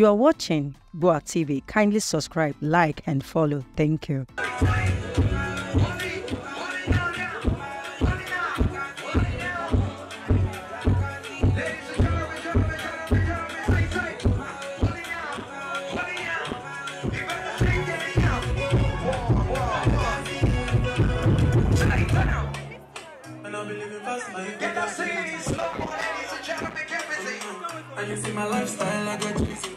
You are watching Boa TV. Kindly subscribe, like, and follow. Thank you. you see my lifestyle, I got cheesy.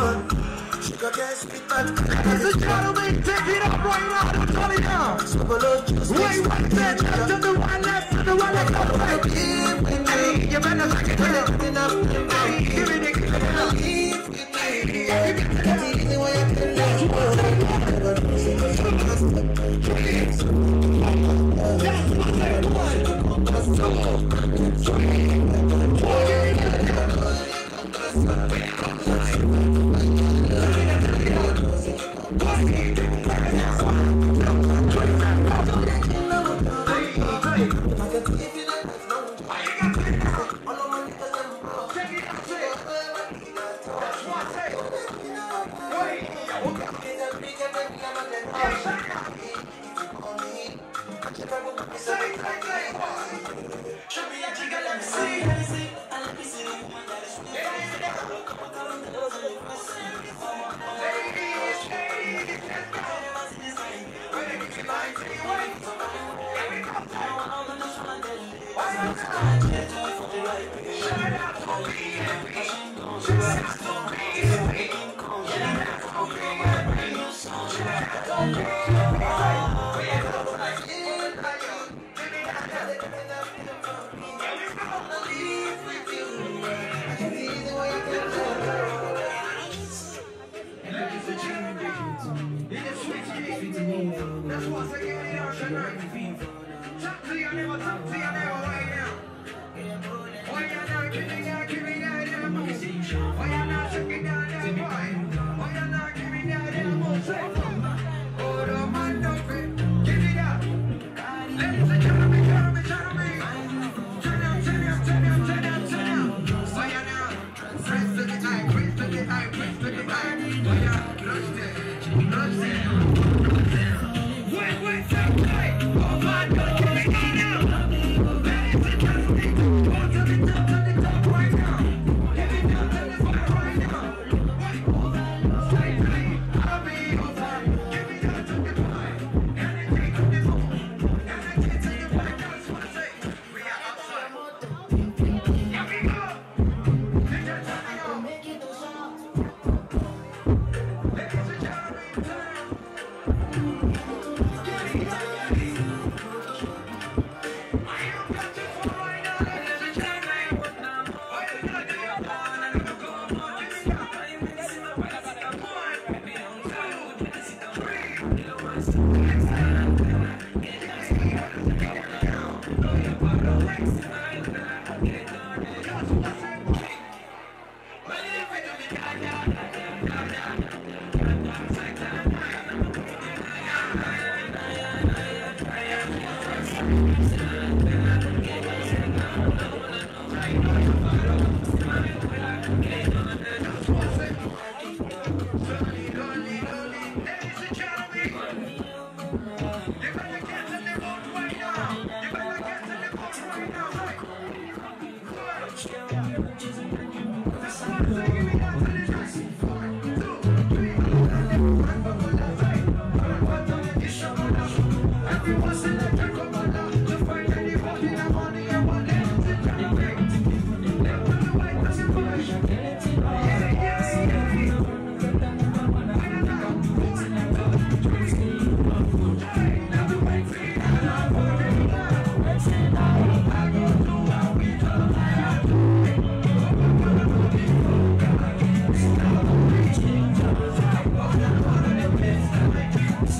This is we take it up right now, I'm telling you. Wait, wait, then, the one left the one left right. you better like it, give stick it back. Yeah.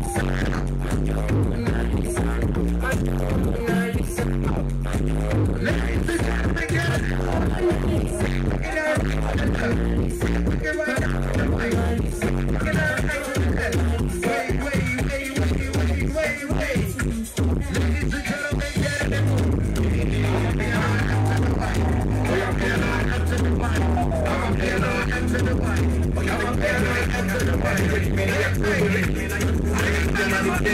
Thanks. I'm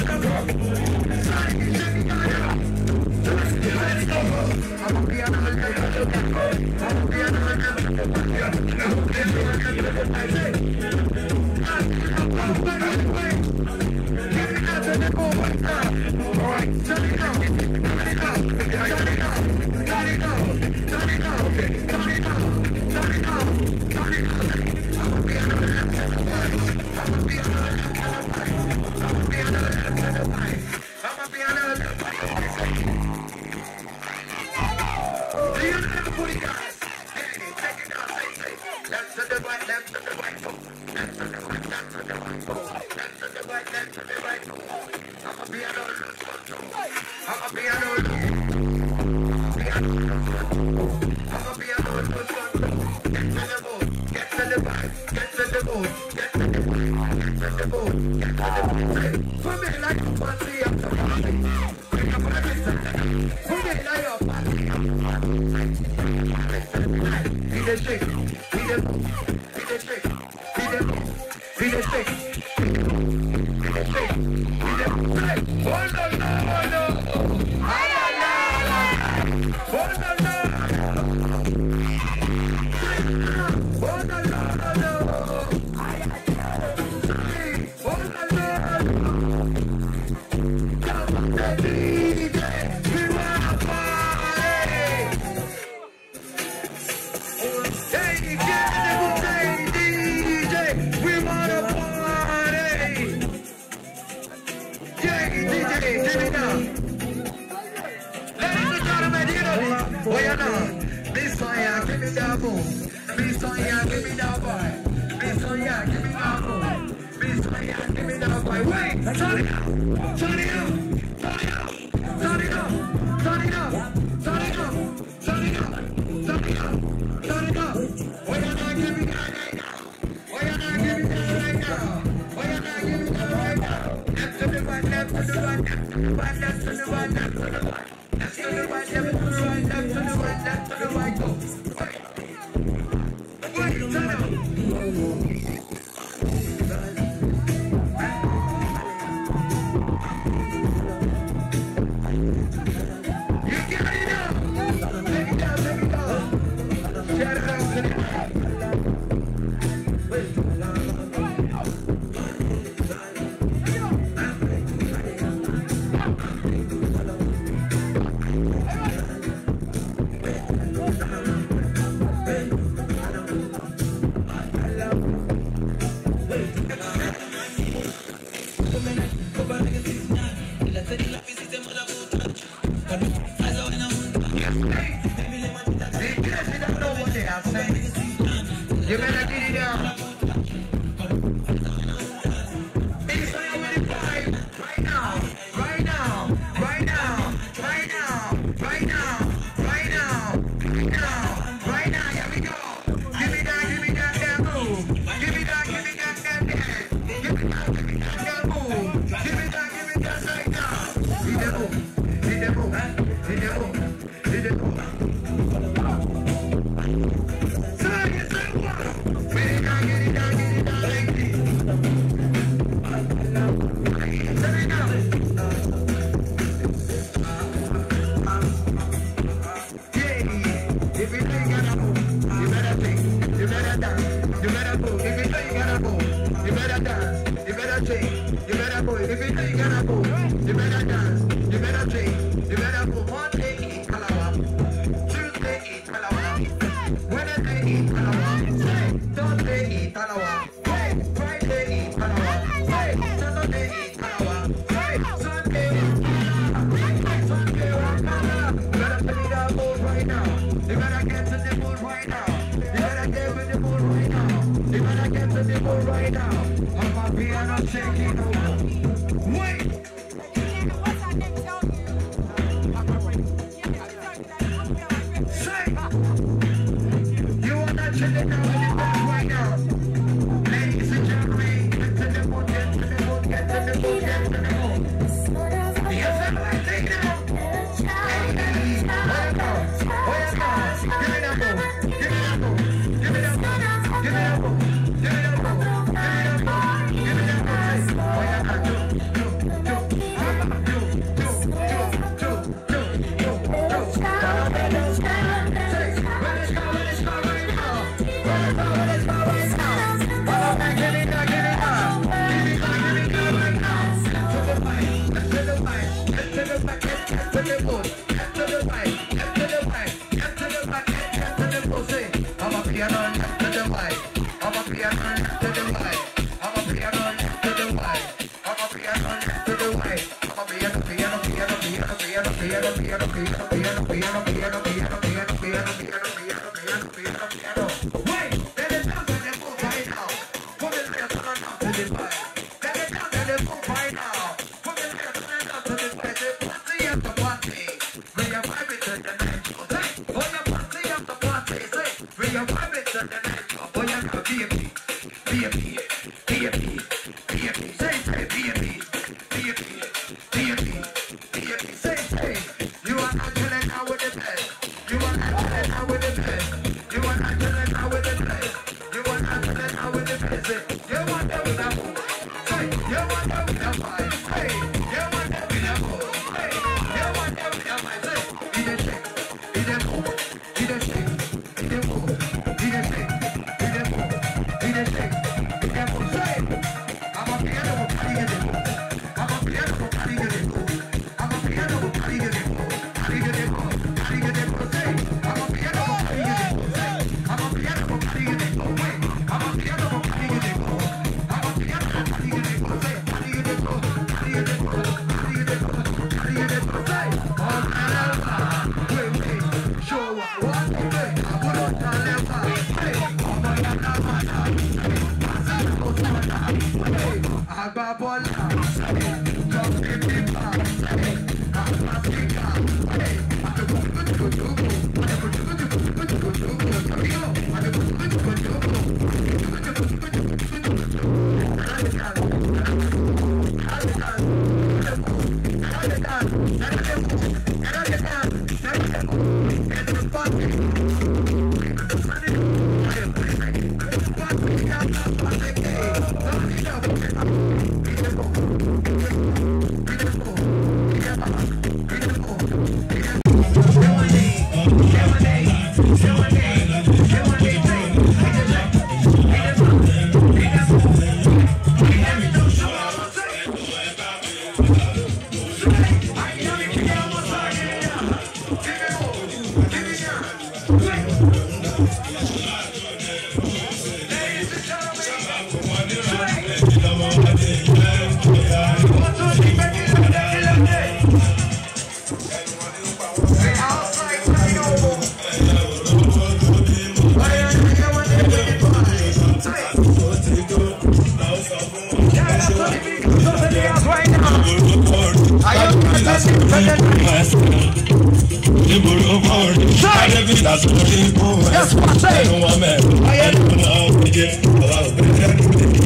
Thank you. Bye. Be the Miss Sonia, give me that boy. Miss Sonia, give me that boy. Miss Sonia, give me that boy. Wait, up. Turn it up. Turn it up. Turn it up. Turn it up. Turn it up. Why are not giving that right now? Why are not giving that right now? Left to the one, left to the one, left to the one, left to the one, left to the one, left to the one. Let's go. piano, piano, piano, piano, with it. You want to Yes, what I say.